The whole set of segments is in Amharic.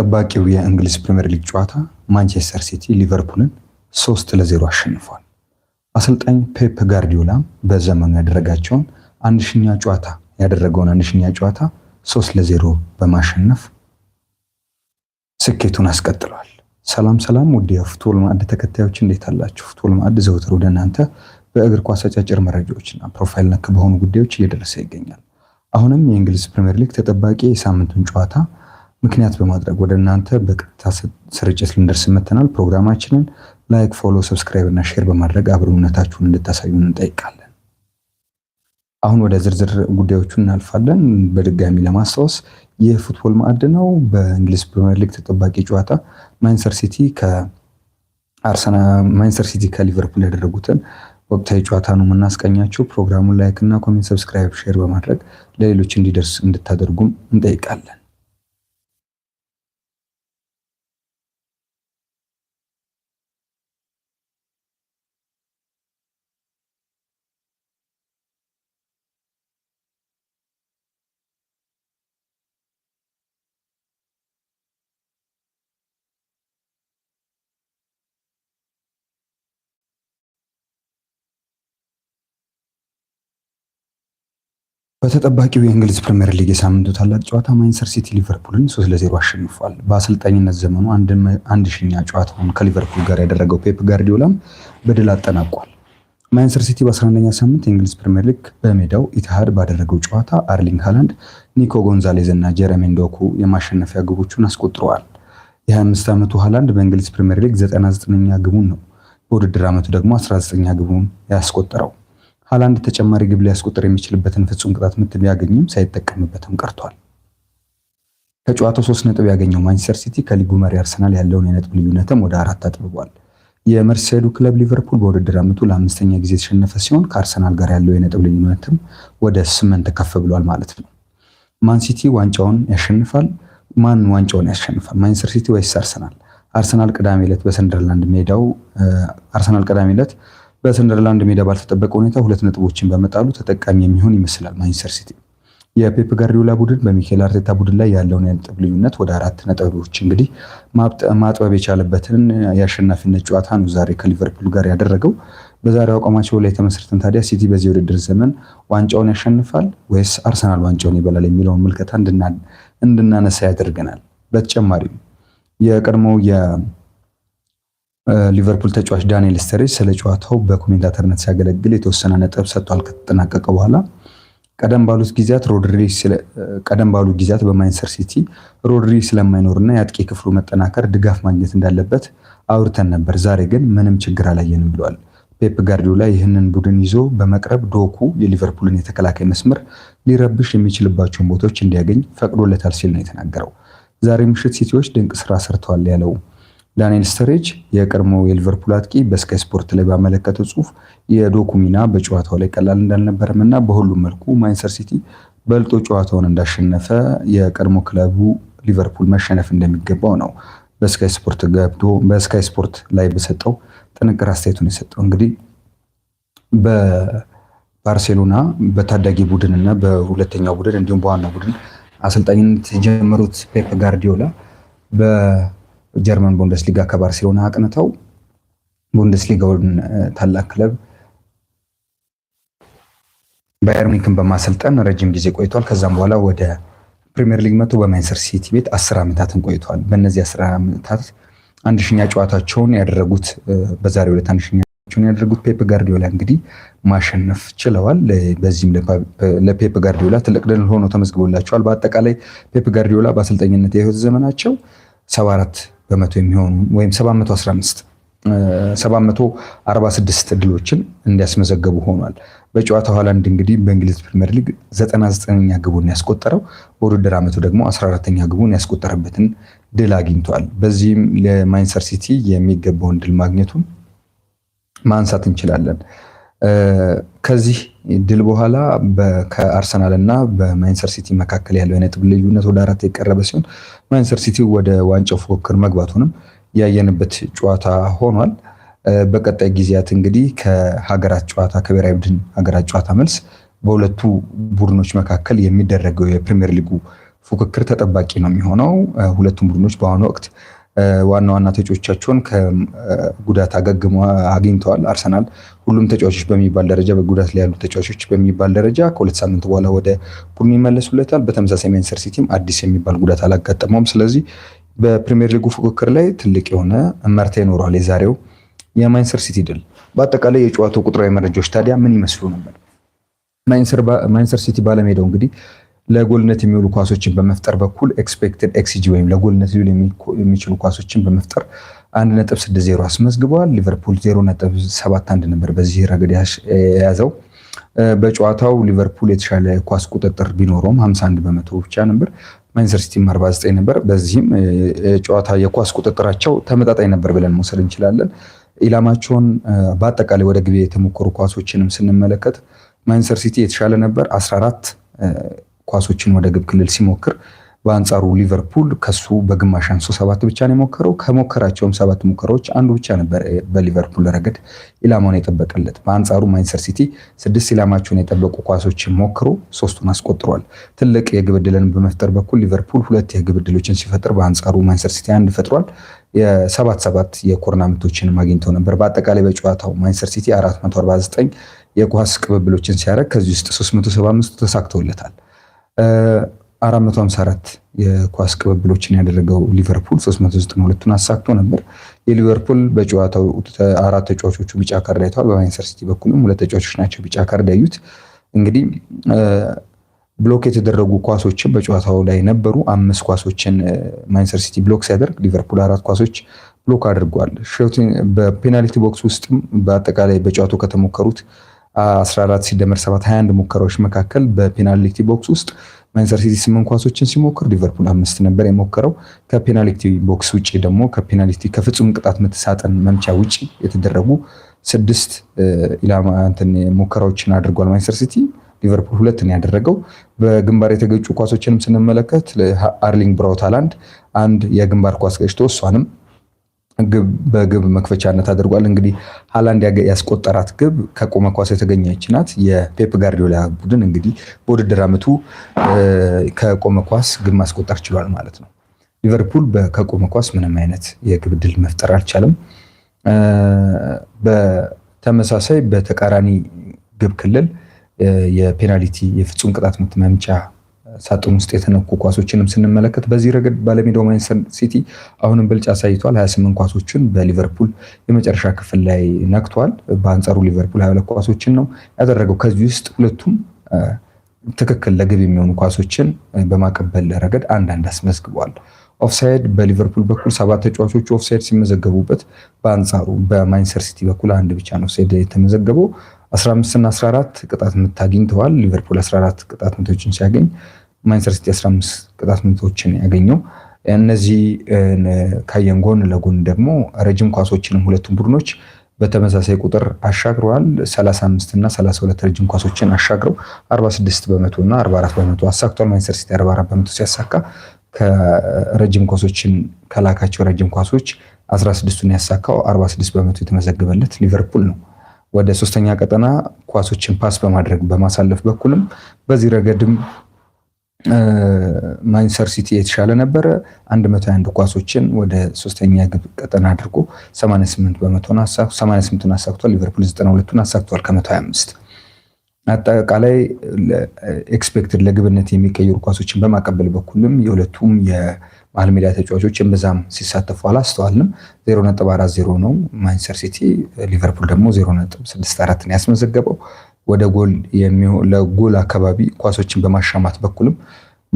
ተጠባቂው የእንግሊዝ ፕሪምየር ሊግ ጨዋታ ማንቸስተር ሲቲ ሊቨርፑልን ሶስት ለዜሮ አሸንፏል። አሰልጣኝ ፔፕ ጋርዲዮላም በዘመኑ ያደረጋቸውን አንድሽኛ ጨዋታ ያደረገውን አንድሽኛ ጨዋታ ሶስት ለዜሮ በማሸነፍ ስኬቱን አስቀጥሏል። ሰላም ሰላም ውድ የፉትቦል ማዕድ ተከታዮች እንዴት አላችሁ? ፉትቦል ማዕድ ዘውትር ወደ እናንተ በእግር ኳስ አጫጭር መረጃዎችና ፕሮፋይል ነክ በሆኑ ጉዳዮች እየደረሰ ይገኛል። አሁንም የእንግሊዝ ፕሪምየር ሊግ ተጠባቂ የሳምንቱን ጨዋታ ምክንያት በማድረግ ወደ እናንተ በቀጥታ ስርጭት ልንደርስ መተናል። ፕሮግራማችንን ላይክ፣ ፎሎ፣ ሰብስክራይብ እና ሼር በማድረግ አብሮነታችሁን እንድታሳዩን እንጠይቃለን። አሁን ወደ ዝርዝር ጉዳዮቹ እናልፋለን። በድጋሚ ለማስታወስ የፉትቦል ማዕድ ነው። በእንግሊዝ ፕሪሚየር ሊግ ተጠባቂ ጨዋታ ማንቸስተር ሲቲ ከአርሰና ማንቸስተር ሲቲ ከሊቨርፑል ያደረጉትን ወቅታዊ ጨዋታ ነው የምናስቀኛቸው። ፕሮግራሙን ላይክ እና ኮሜንት፣ ሰብስክራይብ፣ ሼር በማድረግ ለሌሎች እንዲደርስ እንድታደርጉም እንጠይቃለን። በተጠባቂው የእንግሊዝ ፕሪምየር ሊግ የሳምንቱ ታላቅ ጨዋታ ማንቸስተር ሲቲ ሊቨርፑልን ሶስት ለዜሮ አሸንፏል። በአሰልጣኝነት ዘመኑ አንድ ሺኛ ጨዋታውን ከሊቨርፑል ጋር ያደረገው ፔፕ ጋርዲዮላም በድል አጠናቋል። ማንቸስተር ሲቲ በ11ኛ ሳምንት የእንግሊዝ ፕሪምየር ሊግ በሜዳው ኢትሃድ ባደረገው ጨዋታ አርሊንግ ሃላንድ፣ ኒኮ ጎንዛሌዝ እና ጀረሚ ዶኩ የማሸነፊያ ግቦቹን አስቆጥረዋል። የ25 ዓመቱ ሃላንድ በእንግሊዝ ፕሪምየር ሊግ 99ኛ ግቡን ነው። በውድድር ዓመቱ ደግሞ 19ኛ ግቡን ያስቆጠረው ሃላንድ ተጨማሪ ግብ ሊያስቆጥር የሚችልበትን ፍጹም ቅጣት ምት ቢያገኝም ሳይጠቀምበትም ቀርቷል። ከጨዋታው ሶስት ነጥብ ያገኘው ማንቸስተር ሲቲ ከሊጉ መሪ አርሰናል ያለውን የነጥብ ልዩነትም ወደ አራት አጥብቧል። የመርሴዱ ክለብ ሊቨርፑል በውድድር አመቱ ለአምስተኛ ጊዜ የተሸነፈ ሲሆን ከአርሰናል ጋር ያለው የነጥብ ልዩነትም ወደ ስምንት ከፍ ብሏል ማለት ነው። ማን ሲቲ ዋንጫውን ያሸንፋል? ማን ዋንጫውን ያሸንፋል? ማንቸስተር ሲቲ ወይስ አርሰናል? አርሰናል ቅዳሜ ዕለት በሰንደርላንድ ሜዳው አርሰናል ቅዳሜ ዕለት በሰንደርላንድ ሜዳ ባልተጠበቀ ሁኔታ ሁለት ነጥቦችን በመጣሉ ተጠቃሚ የሚሆን ይመስላል ማንቸስተር ሲቲ። የፔፕ ጋርዲዮላ ቡድን በሚኬል አርቴታ ቡድን ላይ ያለውን የነጥብ ልዩነት ወደ አራት ነጥቦች እንግዲህ ማጥበብ የቻለበትን የአሸናፊነት ጨዋታ ነው ዛሬ ከሊቨርፑል ጋር ያደረገው። በዛሬው አቋማቸው ላይ ተመስርተን ታዲያ ሲቲ በዚህ ውድድር ዘመን ዋንጫውን ያሸንፋል ወይስ አርሰናል ዋንጫውን ይበላል የሚለውን ምልከታ እንድናነሳ ያደርገናል። በተጨማሪም የቀድሞው ሊቨርፑል ተጫዋች ዳንኤል ስተሬጅ ስለ ጨዋታው በኮሜንታተርነት ሲያገለግል የተወሰነ ነጥብ ሰጥቷል። ከተጠናቀቀ በኋላ ቀደም ባሉት ጊዜያት ሮድሪ ቀደም ባሉ ጊዜያት በማንቸስተር ሲቲ ሮድሪ ስለማይኖርና የአጥቂ ክፍሉ መጠናከር ድጋፍ ማግኘት እንዳለበት አውርተን ነበር። ዛሬ ግን ምንም ችግር አላየንም ብለዋል። ፔፕ ጋርዲዮላ ይህንን ቡድን ይዞ በመቅረብ ዶኩ የሊቨርፑልን የተከላካይ መስመር ሊረብሽ የሚችልባቸውን ቦታዎች እንዲያገኝ ፈቅዶለታል ሲል ነው የተናገረው። ዛሬ ምሽት ሲቲዎች ድንቅ ስራ ሰርተዋል ያለው ዳንኤል ስተሬጅ የቀድሞ የሊቨርፑል አጥቂ በስካይ ስፖርት ላይ ባመለከተው ጽሁፍ የዶኩ ሚና በጨዋታው ላይ ቀላል እንዳልነበረም እና በሁሉም መልኩ ማንቸስተር ሲቲ በልጦ ጨዋታውን እንዳሸነፈ የቀድሞ ክለቡ ሊቨርፑል መሸነፍ እንደሚገባው ነው በስካይ ስፖርት ገብቶ በስካይ ስፖርት ላይ በሰጠው ጥንቅር አስተያየቱን የሰጠው እንግዲህ በባርሴሎና በታዳጊ ቡድን እና በሁለተኛው ቡድን እንዲሁም በዋናው ቡድን አሰልጣኝነት የጀመሩት ፔፕ ጋርዲዮላ ጀርመን ቡንደስሊጋ ከባርሴሎና አቅንተው ቡንደስሊጋውን ታላቅ ክለብ ባየር ሙኒክን በማሰልጠን ረጅም ጊዜ ቆይቷል። ከዛም በኋላ ወደ ፕሪሚየር ሊግ መጥቶ በማንቸስተር ሲቲ ቤት አስር ዓመታትን ቆይቷል። በእነዚህ አስር ዓመታት አንድ ጨዋታቸውን ያደረጉት በዛሬው ዕለት አንድ ያደረጉት ፔፕ ጋርዲዮላ እንግዲህ ማሸነፍ ችለዋል። በዚህም ለፔፕ ጋርዲዮላ ትልቅ ድል ሆኖ ተመዝግቦላቸዋል። በአጠቃላይ ፔፕ ጋርዲዮላ በአሰልጠኝነት የህይወት ዘመናቸው ሰባ አራት በመቶ የሚሆኑ ወይም 715 746 ድሎችን እንዲያስመዘገቡ ሆኗል። በጨዋታው ሆላንድ እንግዲህ በእንግሊዝ ፕሪምየር ሊግ 99ኛ ግቡን ያስቆጠረው በውድድር ዓመቱ ደግሞ 14ኛ ግቡን ያስቆጠረበትን ድል አግኝቷል። በዚህም ለማንቸስተር ሲቲ የሚገባውን ድል ማግኘቱን ማንሳት እንችላለን። ከዚህ ድል በኋላ ከአርሰናል እና በማንቸስተር ሲቲ መካከል ያለው የነጥብ ልዩነት ወደ አራት የቀረበ ሲሆን ማንቸስተር ሲቲ ወደ ዋንጫው ፉክክር መግባቱንም ያየንበት ጨዋታ ሆኗል። በቀጣይ ጊዜያት እንግዲህ ከሀገራት ጨዋታ ከብሔራዊ ቡድን ሀገራት ጨዋታ መልስ በሁለቱ ቡድኖች መካከል የሚደረገው የፕሪሚየር ሊጉ ፉክክር ተጠባቂ ነው የሚሆነው። ሁለቱም ቡድኖች በአሁኑ ወቅት ዋና ዋና ተጫዋቾቻቸውን ከጉዳት አገግሞ አግኝተዋል። አርሰናል ሁሉም ተጫዋቾች በሚባል ደረጃ በጉዳት ላይ ያሉ ተጫዋቾች በሚባል ደረጃ ከሁለት ሳምንት በኋላ ወደ ቡድኑ ይመለሱለታል። በተመሳሳይ ማንቸስተር ሲቲም አዲስ የሚባል ጉዳት አላጋጠመውም። ስለዚህ በፕሪሚየር ሊጉ ፉክክር ላይ ትልቅ የሆነ እመርታ ይኖረዋል የዛሬው የማንቸስተር ሲቲ ድል። በአጠቃላይ የጨዋታው ቁጥራዊ መረጃዎች ታዲያ ምን ይመስሉ ነበር? ማንቸስተር ሲቲ ባለሜዳው እንግዲህ ለጎልነት የሚውሉ ኳሶችን በመፍጠር በኩል ኤክስፔክትድ ኤክስጂ ወይም ለጎልነት ሊውል የሚችሉ ኳሶችን በመፍጠር አንድ አስመዝግበዋል። ሊቨርፑል 0.71 አንድ ነበር በዚህ ረገድ የያዘው። በጨዋታው ሊቨርፑል የተሻለ ኳስ ቁጥጥር ቢኖረውም 51 በመቶ ብቻ ነበር። ማንቸስተር ሲቲም 49 ነበር። በዚህም ጨዋታ የኳስ ቁጥጥራቸው ተመጣጣኝ ነበር ብለን መውሰድ እንችላለን። ኢላማቸውን በአጠቃላይ ወደ ግብ የተሞከሩ ኳሶችንም ስንመለከት ማንቸስተር ሲቲ የተሻለ ነበር 14 ኳሶችን ወደ ግብ ክልል ሲሞክር በአንጻሩ ሊቨርፑል ከሱ በግማሽ አንሶ ሰባት ብቻ ነው የሞከረው። ከሞከራቸውም ሰባት ሙከራዎች አንዱ ብቻ ነበር በሊቨርፑል ረገድ ኢላማውን የጠበቀለት። በአንጻሩ ማንቸስተር ሲቲ ስድስት ኢላማቸውን የጠበቁ ኳሶችን ሞክሮ ሶስቱን አስቆጥሯል። ትልቅ የግብ ዕድልን በመፍጠር በኩል ሊቨርፑል ሁለት የግብ ዕድሎችን ሲፈጥር፣ በአንጻሩ ማንቸስተር ሲቲ አንድ ፈጥሯል። የሰባት ሰባት የኮርና ምቶችን አግኝተው ነበር። በአጠቃላይ በጨዋታው ማንቸስተር ሲቲ 449 የኳስ ቅብብሎችን ሲያደርግ ከዚህ ውስጥ 375 ተሳክተውለታል። አራት መቶ የኳስ ቅብብሎችን ያደረገው ሊቨርፑል 392ቱን አሳክቶ ነበር። የሊቨርፑል በጨዋታው አራት ተጫዋቾቹ ቢጫ ካርድ አይተዋል። በማንቸስተር ሲቲ በኩልም ሁለት ተጫዋቾች ናቸው ቢጫ ካርድ ያዩት። እንግዲህ ብሎክ የተደረጉ ኳሶችን በጨዋታው ላይ ነበሩ። አምስት ኳሶችን ማንቸስተር ሲቲ ብሎክ ሲያደርግ ሊቨርፑል አራት ኳሶች ብሎክ አድርጓል። በፔናልቲ ቦክስ ውስጥም በአጠቃላይ በጨዋታው ከተሞከሩት 14 ሲደመር 7 21 ሙከራዎች መካከል በፔናልቲ ቦክስ ውስጥ ማንቸስተር ሲቲ 8 ኳሶችን ሲሞክር ሊቨርፑል አምስት ነበር የሞከረው። ከፔናልቲ ቦክስ ውጪ ደግሞ ከፔናልቲ ከፍጹም ቅጣት ምት ሳጥን መምቻ ውጪ የተደረጉ ስድስት ኢላማ እንትን ሙከራዎችን አድርጓል ማንቸስተር ሲቲ። ሊቨርፑል ሁለትን ያደረገው። በግንባር የተገጩ ኳሶችንም ስንመለከት አርሊንግ ብራውት ሃላንድ አንድ የግንባር ኳስ ገጭቶ እሷንም ግብ በግብ መክፈቻነት አድርጓል። እንግዲህ ሃላንድ ያስቆጠራት ግብ ከቆመ ኳስ የተገኘች ናት። የፔፕ ጋርዲዮላ ቡድን እንግዲህ በውድድር ዓመቱ ከቆመ ኳስ ግብ ማስቆጠር ችሏል ማለት ነው። ሊቨርፑል ከቆመ ኳስ ምንም አይነት የግብ ድል መፍጠር አልቻለም። በተመሳሳይ በተቃራኒ ግብ ክልል የፔናልቲ የፍጹም ቅጣት ምት መምቻ ሳጥን ውስጥ የተነኩ ኳሶችንም ስንመለከት በዚህ ረገድ ባለሜዳው ማንቸስተር ሲቲ አሁንም ብልጫ አሳይቷል። 28 ኳሶችን በሊቨርፑል የመጨረሻ ክፍል ላይ ነክቷል። በአንጻሩ ሊቨርፑል 22 ኳሶችን ነው ያደረገው። ከዚህ ውስጥ ሁለቱም ትክክል ለግብ የሚሆኑ ኳሶችን በማቀበል ረገድ አንዳንድ አስመዝግቧል። ኦፍሳይድ በሊቨርፑል በኩል ሰባት ተጫዋቾቹ ኦፍሳይድ ሲመዘገቡበት፣ በአንጻሩ በማንቸስተር ሲቲ በኩል አንድ ብቻ ነው ኦፍሳይድ የተመዘገበው። 15 እና 14 ቅጣት ምት አግኝተዋል። ሊቨርፑል 14 ቅጣት ምቶችን ሲያገኝ ማንቸስተር ሲቲ 15 ቅጣት ምቶችን ያገኘው። እነዚህ ካየን ጎን ለጎን ደግሞ ረጅም ኳሶችንም ሁለቱም ቡድኖች በተመሳሳይ ቁጥር አሻግረዋል። 35 እና 32 ረጅም ኳሶችን አሻግረው 46 በመቶ እና 44 በመቶ አሳክቷል። ማንቸስተር ሲቲ 44 በመቶ ሲያሳካ ከረጅም ኳሶችን ከላካቸው ረጅም ኳሶች 16ቱን ያሳካው 46 በመቶ የተመዘገበለት ሊቨርፑል ነው። ወደ ሶስተኛ ቀጠና ኳሶችን ፓስ በማድረግ በማሳለፍ በኩልም በዚህ ረገድም ማንቸስተር ሲቲ የተሻለ ነበረ። 101 ኳሶችን ወደ ሶስተኛ ግብ ቀጠና አድርጎ 88 በመቶን አሳክ 88ን አሳክቷል። ሊቨርፑል 92ን አሳክቷል ከ125 አጠቃላይ ኤክስፔክትድ ለግብነት የሚቀየሩ ኳሶችን በማቀበል በኩልም የሁለቱም የመሀል ሜዳ ተጫዋቾች እምብዛም ሲሳተፉ አላስተዋልንም። 0.40 ነው ማንቸስተር ሲቲ፣ ሊቨርፑል ደግሞ 0.64 ነው ያስመዘገበው። ወደ ጎል ለጎል አካባቢ ኳሶችን በማሻማት በኩልም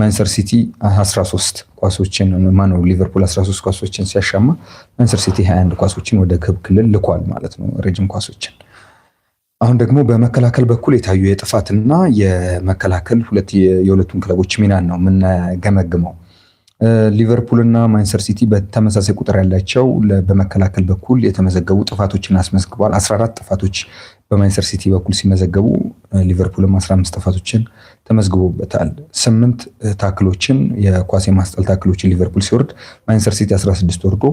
ማንቸስተር ሲቲ 13 ኳሶችን ማነው ሊቨርፑል 13 ኳሶችን ሲያሻማ ማንቸስተር ሲቲ 21 ኳሶችን ወደ ግብ ክልል ልኳል ማለት ነው፣ ረጅም ኳሶችን። አሁን ደግሞ በመከላከል በኩል የታዩ የጥፋትና የመከላከል ሁለት የሁለቱን ክለቦች ሚናን ነው የምንገመግመው። ሊቨርፑልና ማንቸስተር ሲቲ በተመሳሳይ ቁጥር ያላቸው በመከላከል በኩል የተመዘገቡ ጥፋቶችን አስመዝግበዋል 14 ጥፋቶች በማንቸስተር ሲቲ በኩል ሲመዘገቡ ሊቨርፑልም 15 ጥፋቶችን ተመዝግቦበታል። ስምንት ታክሎችን የኳስ የማስጠል ታክሎችን ሊቨርፑል ሲወርድ ማንቸስተር ሲቲ 16 ወርዶ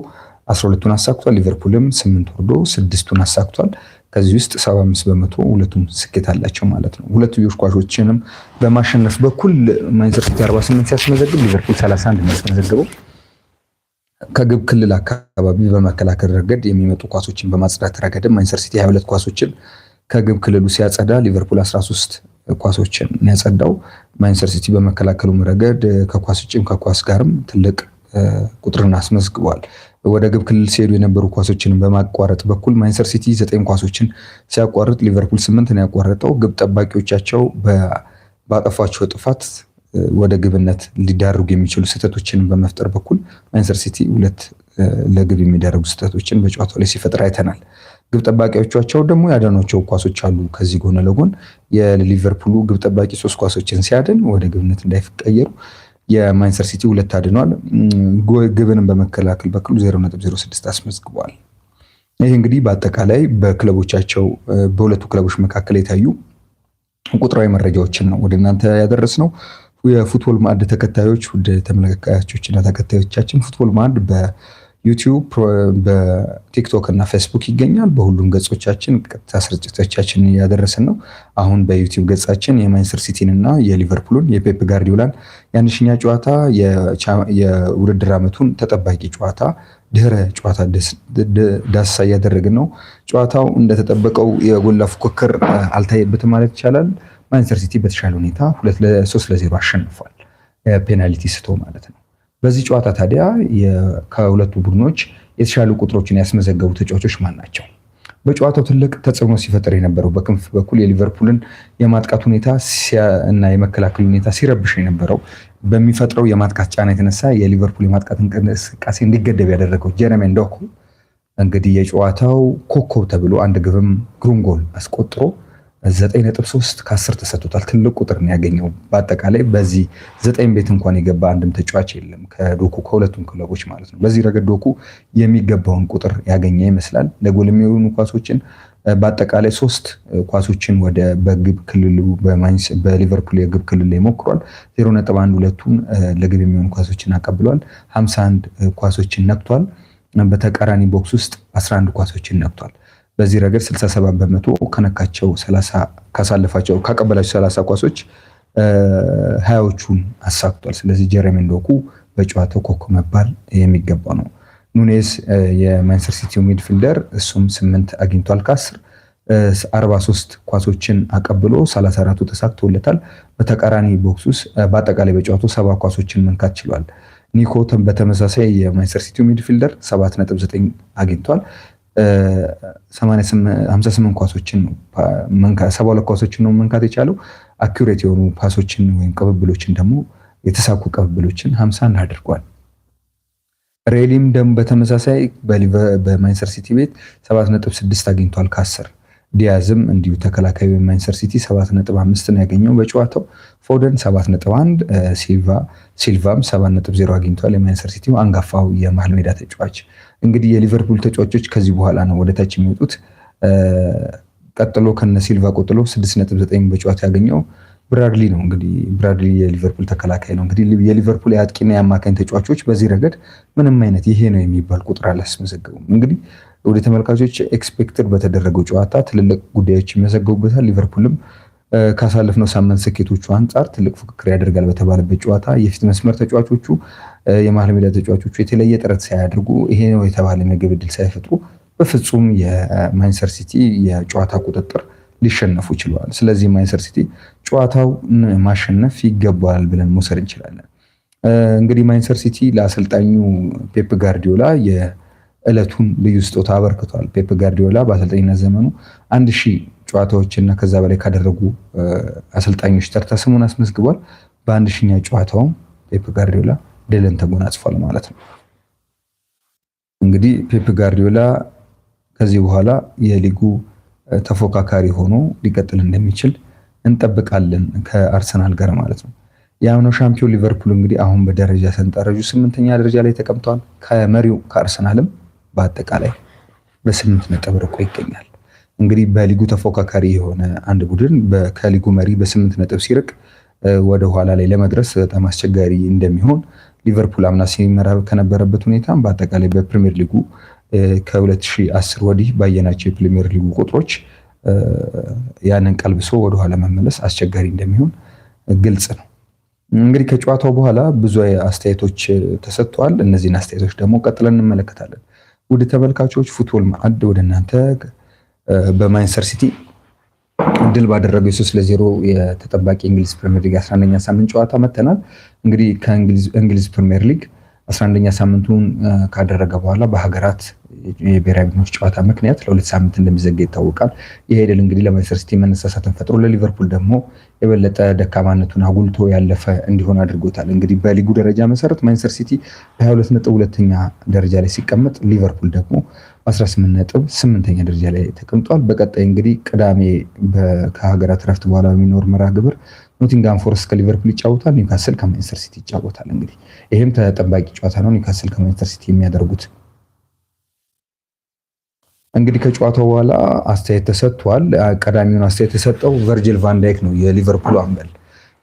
12ቱን አሳክቷል። ሊቨርፑልም ስምንት ወርዶ ስድስቱን አሳክቷል። ከዚህ ውስጥ 75 በመቶ ሁለቱም ስኬት አላቸው ማለት ነው። ሁለትዮሽ ኳሾችንም በማሸነፍ በኩል ማንቸስተር ሲቲ 48 ሲያስመዘግብ ሊቨርፑል 31 ነው ያስመዘግበው። ከግብ ክልል አካባቢ በመከላከል ረገድ የሚመጡ ኳሶችን በማጽዳት ረገድም ማንቸስተር ሲቲ 22 ኳሶችን ከግብ ክልሉ ሲያጸዳ ሊቨርፑል 13 ኳሶችን ያጸዳው። ማንቸስተር ሲቲ በመከላከሉም ረገድ ከኳስ ውጭም ከኳስ ጋርም ትልቅ ቁጥርን አስመዝግቧል። ወደ ግብ ክልል ሲሄዱ የነበሩ ኳሶችን በማቋረጥ በኩል ማንቸስተር ሲቲ ዘጠኝ ኳሶችን ሲያቋርጥ ሊቨርፑል ስምንትን ያቋረጠው ግብ ጠባቂዎቻቸው ባጠፏቸው ጥፋት ወደ ግብነት ሊዳርጉ የሚችሉ ስህተቶችን በመፍጠር በኩል ማንቸስተር ሲቲ ሁለት ለግብ የሚደረጉ ስህተቶችን በጨዋታው ላይ ሲፈጥር አይተናል። ግብ ጠባቂዎቻቸው ደግሞ ያዳኗቸው ኳሶች አሉ። ከዚህ ጎን ለጎን የሊቨርፑሉ ግብ ጠባቂ ሶስት ኳሶችን ሲያድን ወደ ግብነት እንዳይቀየሩ የማንሰር ሲቲ ሁለት አድኗል። ግብንም በመከላከል በኩል 0.06 አስመዝግቧል። ይህ እንግዲህ በአጠቃላይ በክለቦቻቸው በሁለቱ ክለቦች መካከል የታዩ ቁጥራዊ መረጃዎችን ነው ወደ እናንተ ያደረስ ነው። የፉትቦል ማዕድ ተከታዮች ውድ እና ተከታዮቻችን ፉትቦል ማዕድ በዩቲዩብ በቲክቶክ እና ፌስቡክ ይገኛል። በሁሉም ገጾቻችን ቀጥታ ስርጭቶቻችን እያደረስን ነው። አሁን በዩቲዩብ ገጻችን የማንቸስተር ሲቲን እና የሊቨርፑልን የፔፕ ጋርዲዮላን የአንድሽኛ ጨዋታ የውድድር ዓመቱን ተጠባቂ ጨዋታ ድህረ ጨዋታ ዳሳ እያደረግን ነው። ጨዋታው እንደተጠበቀው የጎላ ፉክክር አልታየበትም ማለት ይቻላል። ማንቸስተር ሲቲ በተሻለ ሁኔታ ሁለት ለሶስት ለዜሮ አሸንፏል፣ ፔናልቲ ስቶ ማለት ነው። በዚህ ጨዋታ ታዲያ ከሁለቱ ቡድኖች የተሻሉ ቁጥሮችን ያስመዘገቡ ተጫዋቾች ማን ናቸው? በጨዋታው ትልቅ ተጽዕኖ ሲፈጥር የነበረው በክንፍ በኩል የሊቨርፑልን የማጥቃት ሁኔታ እና የመከላከል ሁኔታ ሲረብሽ የነበረው በሚፈጥረው የማጥቃት ጫና የተነሳ የሊቨርፑል የማጥቃት እንቅስቃሴ እንዲገደብ ያደረገው ጀረሜ ዶኩ እንግዲህ የጨዋታው ኮከብ ተብሎ አንድ ግብም ግሩም ጎል አስቆጥሮ ዘጠኝ ነጥብ ሶስት ከአስር ተሰጥቶታል። ትልቅ ቁጥር ነው ያገኘው። በአጠቃላይ በዚህ ዘጠኝ ቤት እንኳን የገባ አንድም ተጫዋች የለም ከዶኩ ከሁለቱም ክለቦች ማለት ነው። በዚህ ረገድ ዶኩ የሚገባውን ቁጥር ያገኘ ይመስላል። ለጎል የሚሆኑ ኳሶችን በአጠቃላይ ሶስት ኳሶችን ወደ በግብ ክልሉ በሊቨርፑል የግብ ክልል ላይ ሞክሯል። ዜሮ ነጥብ አንድ ሁለቱን ለግብ የሚሆኑ ኳሶችን አቀብሏል። ሀምሳ አንድ ኳሶችን ነክቷል። በተቃራኒ ቦክስ ውስጥ አስራ አንድ ኳሶችን ነክቷል። በዚህ ረገድ 67 በመቶ ከነካቸው ካሳለፋቸው ካቀበላቸው 30 ኳሶች ሀያዎቹን አሳክቷል። ስለዚህ ጀረሚ ዶኩ በጨዋታው ኮከብ መባል የሚገባ ነው። ኑኔዝ የማንቸስተር ሲቲው ሚድፊልደር እሱም ስምንት አግኝቷል ከአስር 43 ኳሶችን አቀብሎ 34ቱ ተሳክቶለታል። በተቃራኒ ቦክስ ውስጥ በአጠቃላይ በጨዋቱ ሰባ ኳሶችን መንካት ችሏል። ኒኮ በተመሳሳይ የማንቸስተር ሲቲው ሚድፊልደር 7.9 አግኝቷል። 58 ኳሶችን ሰባ ሁለት ኳሶችን ነው መንካት የቻለው። አኪሬት የሆኑ ፓሶችን ወይም ቅብብሎችን ደግሞ የተሳኩ ቅብብሎችን 51 አድርጓል። ሬሊም ደግሞ በተመሳሳይ በማንቸስተር ሲቲ ቤት 7.6 አግኝቷል ከአስር ዲያዝም እንዲሁ ተከላካዩ ማንቸስተር ሲቲ 7.5 ነው ያገኘው በጨዋታው። ፎደን 7.1 ሲልቫም 7.0 አግኝቷል። የማንቸስተር ሲቲ አንጋፋው የመሃል ሜዳ ተጫዋች እንግዲህ የሊቨርፑል ተጫዋቾች ከዚህ በኋላ ነው ወደታች የሚወጡት። ቀጥሎ ከነ ሲልቫ ቆጥሎ 6.9 በጨዋታ ያገኘው ብራድሊ ነው። እንግዲህ ብራድሊ የሊቨርፑል ተከላካይ ነው። እንግዲህ የሊቨርፑል የአጥቂና የአማካኝ ተጫዋቾች በዚህ ረገድ ምንም አይነት ይሄ ነው የሚባል ቁጥር አላስመዘገቡም። እንግዲህ ወደ ተመልካቾች ኤክስፔክትድ በተደረገው ጨዋታ ትልልቅ ጉዳዮች ይመዘገቡበታል። ሊቨርፑልም ካሳለፍነው ሳምንት ስኬቶቹ አንጻር ትልቅ ፉክክር ያደርጋል በተባለበት ጨዋታ የፊት መስመር ተጫዋቾቹ የመሃል ሜዳ ተጫዋቾቹ የተለየ ጥረት ሳያደርጉ ይሄ ነው የተባለ ምግብ እድል ሳይፈጥሩ በፍጹም የማንቸስተር ሲቲ የጨዋታ ቁጥጥር ሊሸነፉ ችለዋል። ስለዚህ ማንቸስተር ሲቲ ጨዋታውን ማሸነፍ ይገባዋል ብለን መውሰድ እንችላለን። እንግዲህ ማንቸስተር ሲቲ ለአሰልጣኙ ፔፕ ጋርዲዮላ የእለቱን ልዩ ስጦታ አበርክቷል። ፔፕ ጋርዲዮላ በአሰልጣኝነት ዘመኑ አንድ ሺህ ጨዋታዎችና ከዛ በላይ ካደረጉ አሰልጣኞች ተርታ ስሙን አስመዝግቧል። በአንድ ሺኛ ጨዋታውም ፔፕ ጋርዲዮላ ድልን ተጎናጽፏል ማለት ነው። እንግዲህ ፔፕ ጋርዲዮላ ከዚህ በኋላ የሊጉ ተፎካካሪ ሆኖ ሊቀጥል እንደሚችል እንጠብቃለን ከአርሰናል ጋር ማለት ነው። የአምናው ሻምፒዮን ሊቨርፑል እንግዲህ አሁን በደረጃ ሰንጠረዡ ስምንተኛ ደረጃ ላይ ተቀምጧል። ከመሪው ከአርሰናልም በአጠቃላይ በስምንት ነጥብ ርቆ ይገኛል። እንግዲህ በሊጉ ተፎካካሪ የሆነ አንድ ቡድን ከሊጉ መሪ በስምንት ነጥብ ሲርቅ ወደ ኋላ ላይ ለመድረስ በጣም አስቸጋሪ እንደሚሆን ሊቨርፑል አምና ሲመራ ከነበረበት ሁኔታም በአጠቃላይ በፕሪሚየር ሊጉ ከ2010 ወዲህ ባየናቸው የፕሪሚየር ሊጉ ቁጥሮች ያንን ቀልብሶ ወደኋላ መመለስ አስቸጋሪ እንደሚሆን ግልጽ ነው። እንግዲህ ከጨዋታው በኋላ ብዙ አስተያየቶች ተሰጥተዋል። እነዚህን አስተያየቶች ደግሞ ቀጥለን እንመለከታለን። ውድ ተመልካቾች ፉትቦል ማዕድ ወደ እናንተ በማንቸስተር ሲቲ ድል ባደረገው የሶስት ለዜሮ የተጠባቂ የእንግሊዝ ፕሪሚየር ሊግ 11ኛ ሳምንት ጨዋታ መተናል። እንግዲህ ከእንግሊዝ ፕሪሚየር ሊግ 11ኛ ሳምንቱን ካደረገ በኋላ በሀገራት የብሔራዊ ቡድኖች ጨዋታ ምክንያት ለሁለት ሳምንት እንደሚዘጋ ይታወቃል። ይህ ድል እንግዲህ ለማንቸስተር ሲቲ መነሳሳትን ፈጥሮ ለሊቨርፑል ደግሞ የበለጠ ደካማነቱን አጉልቶ ያለፈ እንዲሆን አድርጎታል። እንግዲህ በሊጉ ደረጃ መሰረት ማንቸስተር ሲቲ በ22 ነጥብ ሁለተኛ ደረጃ ላይ ሲቀመጥ፣ ሊቨርፑል ደግሞ በ18 ነጥብ ስምንተኛ ደረጃ ላይ ተቀምጧል። በቀጣይ እንግዲህ ቅዳሜ ከሀገራት ረፍት በኋላ በሚኖር መርሃ ግብር ኖቲንጋም ፎረስት ከሊቨርፑል ይጫወታል። ኒውካስል ከማንቸስተር ሲቲ ይጫወታል። እንግዲህ ይህም ተጠባቂ ጨዋታ ነው። ኒውካስል ከማንቸስተር ሲቲ የሚያደርጉት እንግዲህ ከጨዋታው በኋላ አስተያየት ተሰጥቷል። ቀዳሚውን አስተያየት የሰጠው ቨርጅል ቫንዳይክ ነው፣ የሊቨርፑል አምበል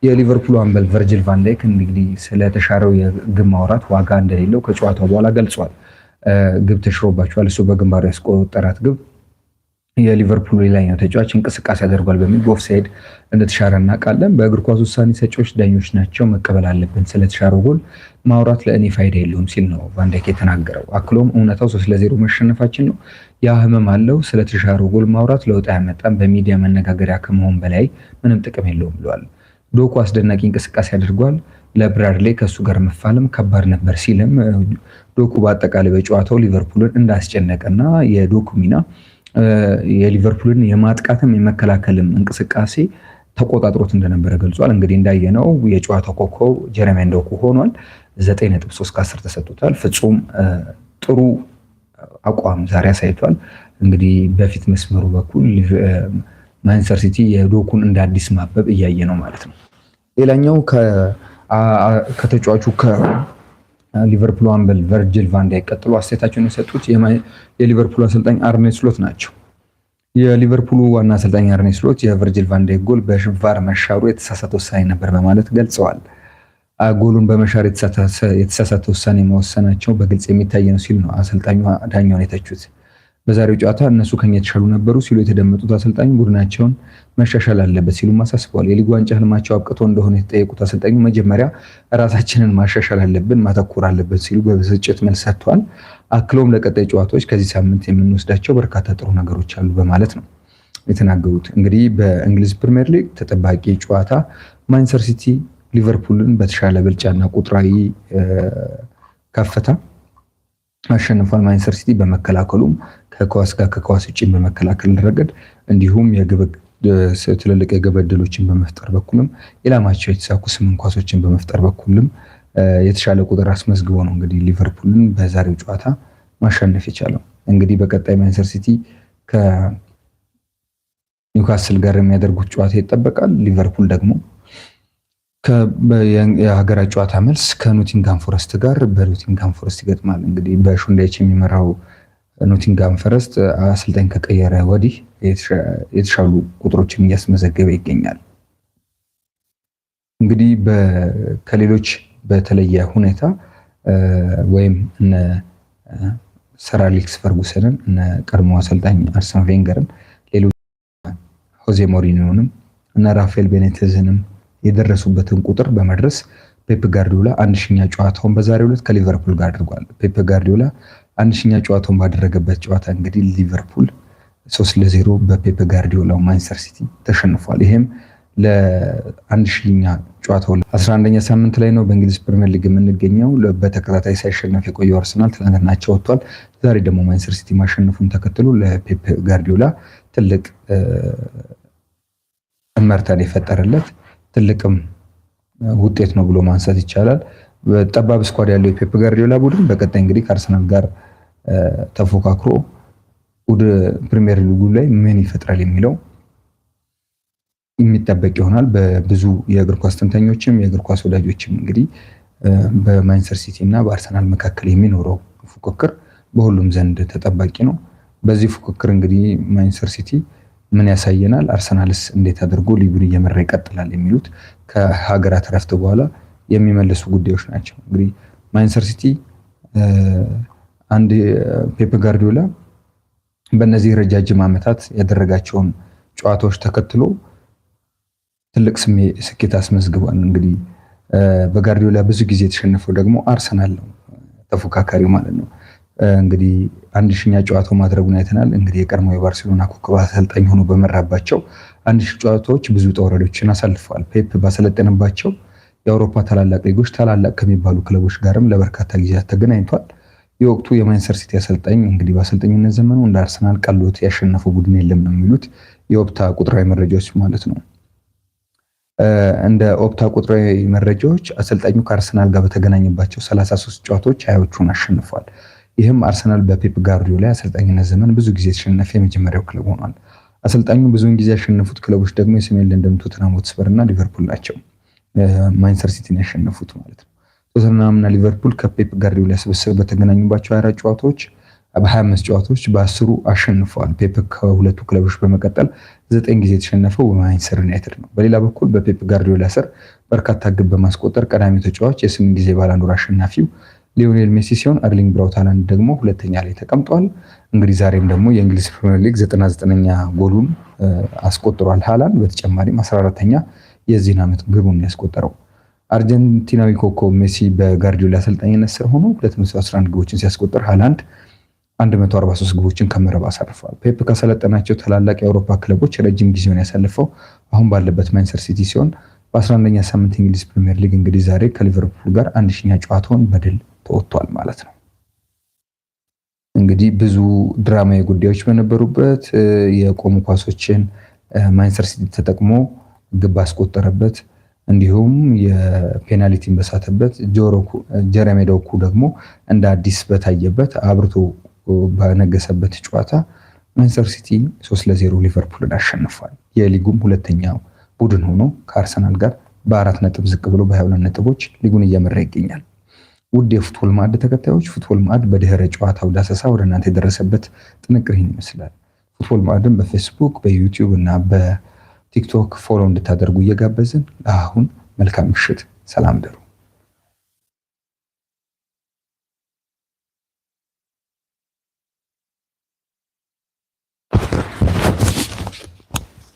የሊቨርፑል አምበል ቨርጅል ቫንዳይክ እንግዲህ ስለተሻረው የግብ ማውራት ዋጋ እንደሌለው ከጨዋታው በኋላ ገልጿል። ግብ ተሽሮባቸዋል። እሱ በግንባር ያስቆጠራት ግብ የሊቨርፑል ሌላኛው ተጫዋች እንቅስቃሴ ያደርጓል በሚል በኦፍሳይድ እንደተሻረ እናውቃለን። በእግር ኳስ ውሳኔ ሰጪዎች ዳኞች ናቸው፣ መቀበል አለብን። ስለተሻረው ጎል ማውራት ለእኔ ፋይዳ የለውም ሲል ነው ቫንዳይክ የተናገረው። አክሎም እውነታው ሶስት ለዜሮ መሸነፋችን ነው፣ ያ ህመም አለው። ስለተሻረው ጎል ማውራት ለውጥ አያመጣም፣ በሚዲያ መነጋገሪያ ከመሆን በላይ ምንም ጥቅም የለውም ብለዋል። ዶኩ አስደናቂ እንቅስቃሴ አድርጓል። ለብራድሌ ከእሱ ጋር መፋለም ከባድ ነበር ሲልም ዶኩ በአጠቃላይ በጨዋታው ሊቨርፑልን እንዳስጨነቀና የዶኩ ሚና የሊቨርፑልን የማጥቃትም የመከላከልም እንቅስቃሴ ተቆጣጥሮት እንደነበረ ገልጿል። እንግዲህ እንዳየነው የጨዋታው ኮከብ ጀረሚ ዶኩ ሆኗል። ዘጠኝ ነጥብ ሶስት ከአስር ተሰጥቶታል። ፍጹም ጥሩ አቋም ዛሬ አሳይቷል። እንግዲህ በፊት መስመሩ በኩል ማንቸስተር ሲቲ የዶኩን እንደ አዲስ ማበብ እያየ ነው ማለት ነው። ሌላኛው ከተጫዋቹ ሊቨርፑል አምበል ቨርጅል ቫን ዳይክ ቀጥሎ አስተያየታቸውን የሰጡት የሊቨርፑል አሰልጣኝ አርኔ ስሎት ናቸው። የሊቨርፑሉ ዋና አሰልጣኝ አርኔ ስሎት የቨርጅል ቫን ዳይክ ጎል በቫር መሻሩ የተሳሳተ ውሳኔ ነበር በማለት ገልጸዋል። ጎሉን በመሻር የተሳሳተ ውሳኔ መወሰናቸው በግልጽ የሚታይ ነው ሲል ነው አሰልጣኙ ዳኛውን የተቹት። በዛሬው ጨዋታ እነሱ ከኛ የተሻሉ ነበሩ ሲሉ የተደመጡት አሰልጣኝ ቡድናቸውን መሻሻል አለበት ሲሉም አሳስበዋል። የሊጉ ዋንጫ ህልማቸው አብቅቶ እንደሆነ የተጠየቁት አሰልጣኙ መጀመሪያ ራሳችንን ማሻሻል አለብን፣ ማተኮር አለበት ሲሉ በብስጭት መልስ ሰጥተዋል። አክለውም ለቀጣይ ጨዋታዎች ከዚህ ሳምንት የምንወስዳቸው በርካታ ጥሩ ነገሮች አሉ በማለት ነው የተናገሩት። እንግዲህ በእንግሊዝ ፕሪምየር ሊግ ተጠባቂ ጨዋታ ማንቸስተር ሲቲ ሊቨርፑልን በተሻለ ብልጫና ቁጥራዊ ከፍታ አሸንፏል። ማንቸስተር ሲቲ በመከላከሉም ከኳስ ጋር ከኳስ ውጭ በመከላከል ረገድ እንዲሁም ትልልቅ የግብ ዕድሎችን በመፍጠር በኩልም ኢላማቸው የተሳኩ ስምንት ኳሶችን በመፍጠር በኩልም የተሻለ ቁጥር አስመዝግቦ ነው እንግዲህ ሊቨርፑልን በዛሬው ጨዋታ ማሸነፍ የቻለው። እንግዲህ በቀጣይ ማንቸስተር ሲቲ ከኒውካስል ጋር የሚያደርጉት ጨዋታ ይጠበቃል። ሊቨርፑል ደግሞ የሀገራት ጨዋታ መልስ ከኖቲንጋም ፎረስት ጋር በኖቲንጋም ፎረስት ይገጥማል። እንግዲህ በሹንዳይች የሚመራው ኖቲንጋም ፈረስት አሰልጣኝ ከቀየረ ወዲህ የተሻሉ ቁጥሮችን እያስመዘገበ ይገኛል። እንግዲህ ከሌሎች በተለየ ሁኔታ ወይም እነ ሰር አሌክስ ፈርጉሰንን እነ ቀድሞ አሰልጣኝ አርሰን ቬንገርን፣ ሌሎች ሆዜ ሞሪኒዮንም እነ ራፋኤል ቤኔቴዝንም የደረሱበትን ቁጥር በመድረስ ፔፕ ጋርዲዮላ አንድ ሽኛ ጨዋታውን በዛሬው ዕለት ከሊቨርፑል ጋር አድርጓል። ፔፕ ጋርዲዮላ አንደኛ ጨዋታውን ባደረገበት ጨዋታ እንግዲህ ሊቨርፑል ሶስት ለዜሮ በፔፕ ጋርዲዮላው ማንቸስተር ሲቲ ተሸንፏል። ይሄም ለአንድ ሺኛ ጨዋታው አስራ አንደኛ ሳምንት ላይ ነው። በእንግሊዝ ፕሪሚየር ሊግ የምንገኘው በተከታታይ ሳይሸነፍ የቆየው አርሰናል ትናንትና አቻ ወጥቷል። ዛሬ ደግሞ ማንቸስተር ሲቲ ማሸነፉን ተከትሎ ለፔፕ ጋርዲዮላ ትልቅ እመርታን የፈጠረለት ትልቅም ውጤት ነው ብሎ ማንሳት ይቻላል። ጠባብ ስኳድ ያለው የፔፕ ጋርዲዮላ ቡድን በቀጣይ እንግዲህ ከአርሰናል ጋር ተፎካክሮ ወደ ፕሪሚየር ሊጉ ላይ ምን ይፈጥራል የሚለው የሚጠበቅ ይሆናል። በብዙ የእግር ኳስ ተንታኞችም የእግር ኳስ ወዳጆችም እንግዲህ በማንቸስተር ሲቲ እና በአርሰናል መካከል የሚኖረው ፉክክር በሁሉም ዘንድ ተጠባቂ ነው። በዚህ ፉክክር እንግዲህ ማንቸስተር ሲቲ ምን ያሳየናል፣ አርሰናልስ እንዴት አድርጎ ሊጉን እየመራ ይቀጥላል የሚሉት ከሀገራት እረፍት በኋላ የሚመለሱ ጉዳዮች ናቸው። እንግዲህ ማንቸስተር ሲቲ አንድ ፔፕ ጋርዲዮላ በእነዚህ ረጃጅም ዓመታት ያደረጋቸውን ጨዋታዎች ተከትሎ ትልቅ ስሜ ስኬት አስመዝግቧል። እንግዲህ በጋርዲዮላ ብዙ ጊዜ የተሸነፈው ደግሞ አርሰናል ነው፣ ተፎካካሪው ማለት ነው። እንግዲህ አንድ ሽኛ ጨዋታው ማድረጉን አይተናል። እንግዲህ የቀድሞ የባርሴሎና ኮከብ አሰልጣኝ ሆኖ በመራባቸው አንድ ሺ ጨዋታዎች ብዙ ውጣ አሳልፈዋል። ፔፕ ባሰለጠንባቸው የአውሮፓ ታላላቅ ሊጎች ታላላቅ ከሚባሉ ክለቦች ጋርም ለበርካታ ጊዜያት ተገናኝቷል። የወቅቱ የማንቸስተር ሲቲ አሰልጣኝ እንግዲህ በአሰልጣኝነት ዘመኑ እንደ አርሰናል ቀሎት ያሸነፈው ቡድን የለም ነው የሚሉት የኦፕታ ቁጥራዊ መረጃዎች ማለት ነው። እንደ ኦፕታ ቁጥራዊ መረጃዎች አሰልጣኙ ከአርሰናል ጋር በተገናኘባቸው 33 ጨዋታዎች ሀያዎቹን አሸንፏል። ይህም አርሰናል በፔፕ ላይ አሰልጣኝነት ዘመን ብዙ ጊዜ የተሸነፈ የመጀመሪያው ክለብ ሆኗል። አሰልጣኙ ብዙውን ጊዜ ያሸነፉት ክለቦች ደግሞ የሰሜን ለንደን ቶተንሃም ሆትስፐር እና ሊቨርፑል ናቸው። ማንቸስተር ሲቲን ያሸነፉት ማለት ነው። ቶተንሃምና ሊቨርፑል ከፔፕ ጋርዲዮላ ስብስብ በተገናኙባቸው አራት ጨዋታዎች በ25 ጨዋታዎች በአስሩ አሸንፈዋል። ፔፕ ከሁለቱ ክለቦች በመቀጠል ዘጠኝ ጊዜ የተሸነፈው በማንችስተር ዩናይትድ ነው። በሌላ በኩል በፔፕ ጋርዲዮላ ስር በርካታ ግብ በማስቆጠር ቀዳሚ ተጫዋች የስምንት ጊዜ ባላንዶር አሸናፊው ሊዮኔል ሜሲ ሲሆን አርሊንግ ብራውታላንድ ደግሞ ሁለተኛ ላይ ተቀምጧል። እንግዲህ ዛሬም ደግሞ የእንግሊዝ ፕሪሚየር ሊግ ዘጠና ዘጠነኛ ጎሉን አስቆጥሯል ሃላንድ በተጨማሪም 14ተኛ የዚህን ዓመት ግቡን ያስቆጠረው አርጀንቲናዊ ኮከብ ሜሲ በጋርዲዮላ አሰልጣኝነት ስር ሆኖ 211 ግቦችን ሲያስቆጥር ሃላንድ 143 ግቦችን ከመረብ አሳርፈዋል። ፔፕ ከሰለጠናቸው ታላላቅ የአውሮፓ ክለቦች ረጅም ጊዜውን ያሳልፈው አሁን ባለበት ማንቸስተር ሲቲ ሲሆን በ11ኛ ሳምንት እንግሊዝ ፕሪሚየር ሊግ እንግዲህ ዛሬ ከሊቨርፑል ጋር አንድ ሺኛ ጨዋታውን በድል ተወጥቷል ማለት ነው። እንግዲህ ብዙ ድራማዊ ጉዳዮች በነበሩበት የቆሙ ኳሶችን ማንቸስተር ሲቲ ተጠቅሞ ግብ አስቆጠረበት። እንዲሁም የፔናልቲን በሳተበት ጀረሜ ዶኩ ደግሞ እንደ አዲስ በታየበት አብርቶ በነገሰበት ጨዋታ ማንቸስተር ሲቲ ሶስት ለዜሮ ሊቨርፑልን አሸንፏል። የሊጉም ሁለተኛ ቡድን ሆኖ ከአርሰናል ጋር በአራት ነጥብ ዝቅ ብሎ በ ነጥቦች ሊጉን እየመራ ይገኛል። ውድ የፉትቦል ማዕድ ተከታዮች ፉትቦል ማዕድ በድህረ ጨዋታው ዳሰሳ ወደ እናንተ የደረሰበት ጥንቅር ይመስላል። ፉትቦል ማዕድን በፌስቡክ በዩቲዩብ እና ቲክቶክ ፎሎ እንድታደርጉ እየጋበዝን አሁን መልካም ምሽት፣ ሰላም ደሩ።